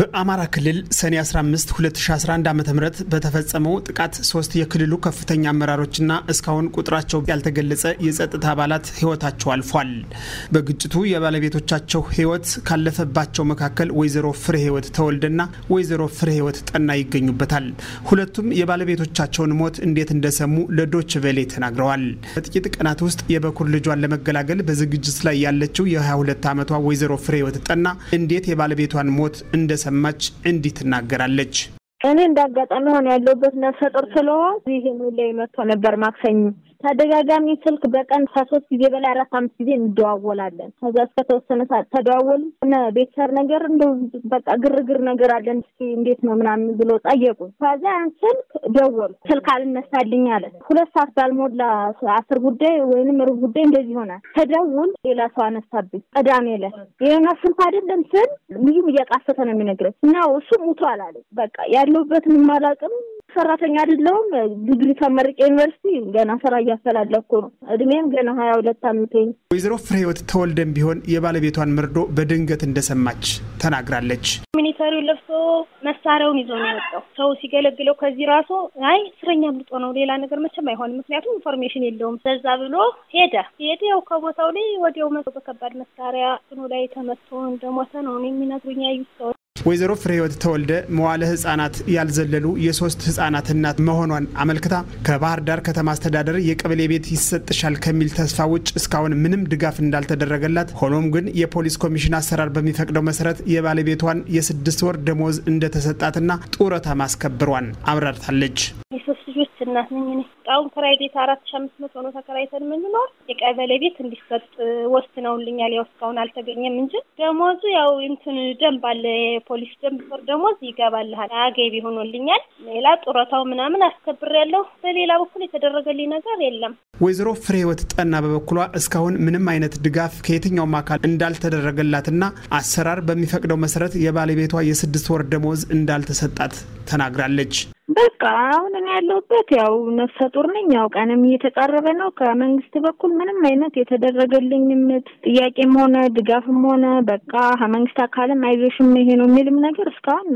በአማራ ክልል ሰኔ 15 2011 ዓ ም በተፈጸመው ጥቃት ሶስት የክልሉ ከፍተኛ አመራሮችና እስካሁን ቁጥራቸው ያልተገለጸ የጸጥታ አባላት ሕይወታቸው አልፏል። በግጭቱ የባለቤቶቻቸው ሕይወት ካለፈባቸው መካከል ወይዘሮ ፍሬ ሕይወት ተወልደና ወይዘሮ ፍሬ ሕይወት ጠና ይገኙበታል። ሁለቱም የባለቤቶቻቸውን ሞት እንዴት እንደሰሙ ለዶች ቬሌ ተናግረዋል። በጥቂት ቀናት ውስጥ የበኩር ልጇን ለመገላገል በዝግጅት ላይ ያለችው የ22 ዓመቷ ወይዘሮ ፍሬ ህይወት ጠና እንዴት የባለቤቷን ሞት እንደ እንደሰማች እንዲህ ትናገራለች። እኔ እንዳጋጣሚ ሆነ ያለውበት ነፍሰ ጡር ስለሆን ይህ ላይ መጥቶ ነበር ማክሰኝ ተደጋጋሚ ስልክ በቀን ከሶስት ጊዜ በላይ አራት አምስት ጊዜ እንደዋወላለን። ከዛ እስከ እስከተወሰነ ሰዓት ተደዋወሉ ቤተሰብ ነገር እንደ በቃ ግርግር ነገር አለን እስኪ እንዴት ነው ምናምን ብሎ ጠየቁ። ከዛ ስልክ ደወሉ። ስልክ አልነሳልኝ አለ። ሁለት ሰዓት ባልሞላ አስር ጉዳይ ወይንም ሩብ ጉዳይ እንደዚህ ይሆናል። ተደውል ሌላ ሰው አነሳብኝ። ቅዳሜ ዕለት የሆነ ስልክ አይደለም ስል ልዩም እያቃሰተ ነው የሚነግረኝ እና እሱ ሙቷል አለ። በቃ ያለሁበትን አላውቅም ሰራተኛ አይደለሁም። ዲግሪ ተመርቄ ዩኒቨርሲቲ ገና ስራ እያፈላለኩ ነው። እድሜም ገና ሀያ ሁለት አመቴ። ወይዘሮ ፍሬ ህይወት ተወልደም ቢሆን የባለቤቷን መርዶ በድንገት እንደሰማች ተናግራለች። ሚኒተሪውን ለብሶ መሳሪያውን ይዞ ነው የወጣው። ሰው ሲገለግለው ከዚህ ራሱ አይ እስረኛ ብልጦ ነው ሌላ ነገር መቼም አይሆንም፣ ምክንያቱም ኢንፎርሜሽን የለውም። በዛ ብሎ ሄደ ሄደ ያው ከቦታው ላይ ወዲያው መ በከባድ መሳሪያ ኑ ላይ ተመቶ እንደሞተ ነው የሚነግሩኝ ያዩት ሰዎች ወይዘሮ ፍሬህይወት ተወልደ መዋለ ህጻናት ያልዘለሉ የሶስት ህጻናት እናት መሆኗን አመልክታ ከባህር ዳር ከተማ አስተዳደር የቀበሌ ቤት ይሰጥሻል ከሚል ተስፋ ውጭ እስካሁን ምንም ድጋፍ እንዳልተደረገላት፣ ሆኖም ግን የፖሊስ ኮሚሽን አሰራር በሚፈቅደው መሰረት የባለቤቷን የስድስት ወር ደሞዝ እንደተሰጣትና ጡረታ ማስከብሯን አብራርታለች። የሶስት ልጆች እናት ነኝ እኔ አሁን ክራይ ቤት አራት ሺ አምስት መቶ ነው ተከራይተን የምንኖር። የቀበሌ ቤት እንዲሰጥ ወስነውልኛል። ያው እስካሁን አልተገኘም እንጂ ደሞዙ ያው እንትን ደንብ አለ፣ የፖሊስ ደንብ ጦር ደሞዝ ይገባልሃል፣ አገቢ ሆኖልኛል። ሌላ ጡረታው ምናምን አስከብር ያለው በሌላ በኩል የተደረገልኝ ነገር የለም። ወይዘሮ ፍሬ ህይወት ጠና በበኩሏ እስካሁን ምንም አይነት ድጋፍ ከየትኛውም አካል እንዳልተደረገላትና አሰራር በሚፈቅደው መሰረት የባለቤቷ የስድስት ወር ደሞዝ እንዳልተሰጣት ተናግራለች። በቃ አሁን እኔ ያለሁበት ያው ነፍሰ ባለመጦር ነኝ። ያው ቀንም እየተቃረበ ነው። ከመንግስት በኩል ምንም አይነት የተደረገልኝም ጥያቄም ሆነ ድጋፍም ሆነ በቃ ከመንግስት አካልም አይዞሽም ይሄ ነው የሚልም ነገር እስካሁን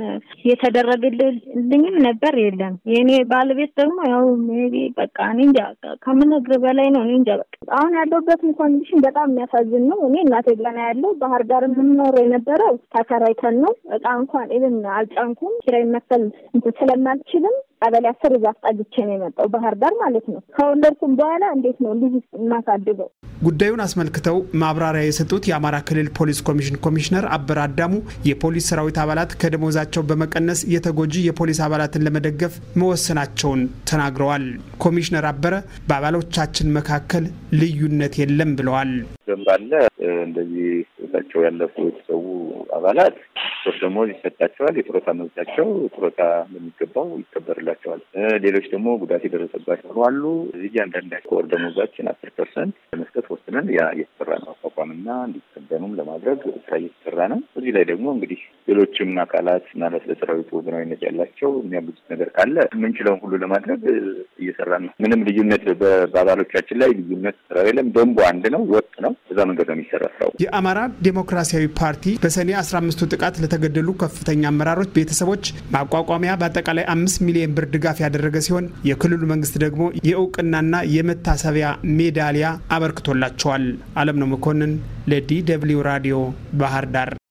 የተደረገልኝም ነበር የለም። የእኔ ባለቤት ደግሞ ያው ሜቢ በቃ እኔ እንጃ ከምነግርህ በላይ ነው። እኔ እንጃ በቃ አሁን ያለሁበትም ኮንዲሽን በጣም የሚያሳዝን ነው። እኔ እናቴ ገና ያለው ባህር ዳር የምኖር የነበረው ተከራይተን ነው። እቃ እንኳን ኢብን አልጫንኩም። ኪራይ መክፈል ስለማልችልም ቀበሌ አስር እዛ አስጠግቼ ነው የመጣው ባህር ዳር ነገር ማለት ነው። ከወለድኩም በኋላ እንዴት ነው ልጅ እናሳድገው? ጉዳዩን አስመልክተው ማብራሪያ የሰጡት የአማራ ክልል ፖሊስ ኮሚሽን ኮሚሽነር አበረ አዳሙ የፖሊስ ሰራዊት አባላት ከደሞዛቸው በመቀነስ የተጎጂ የፖሊስ አባላትን ለመደገፍ መወሰናቸውን ተናግረዋል። ኮሚሽነር አበረ በአባሎቻችን መካከል ልዩነት የለም ብለዋል። ደንብ አለ እንደዚህ እሳቸው ያለፉ የተሰዉ አባላት ሶች ደግሞ ይሰጣቸዋል። የጡረታ መብታቸው ጡረታ በሚገባው ይከበርላቸዋል። ሌሎች ደግሞ ጉዳት የደረሰባቸው አሉ። እዚህ አንዳንዳቸው ከወር ደመወዛችን አስር ፐርሰንት ለመስጠት ወስነን ያ እየተሰራ ነው። አቋቋምና እንዲቀደሙም ለማድረግ ስራ እየተሰራ ነው። እዚህ ላይ ደግሞ እንግዲህ ሌሎችም አካላት ማለት ለሰራዊቱ ወገናዊነት ያላቸው የሚያግዙት ነገር ካለ የምንችለውን ሁሉ ለማድረግ እየሰራ ነው። ምንም ልዩነት በአባሎቻችን ላይ ልዩነት ስራ የለም። ደንቡ አንድ ነው፣ ወጥ ነው። በዛ መንገድ ነው የሚሰራ ስራው። የአማራ ዴሞክራሲያዊ ፓርቲ በሰኔ አስራ አምስቱ ጥቃት ለተገደሉ ከፍተኛ አመራሮች ቤተሰቦች ማቋቋሚያ በአጠቃላይ አምስት ሚሊዮን ብር ድጋፍ ያደረገ ሲሆን የክልሉ መንግስት ደግሞ የእውቅናና የመታሰቢያ ሜዳሊያ አበርክቶላቸዋል። አለም ነው መኮንን ለዲ ደብልዩ ራዲዮ ባህር ዳር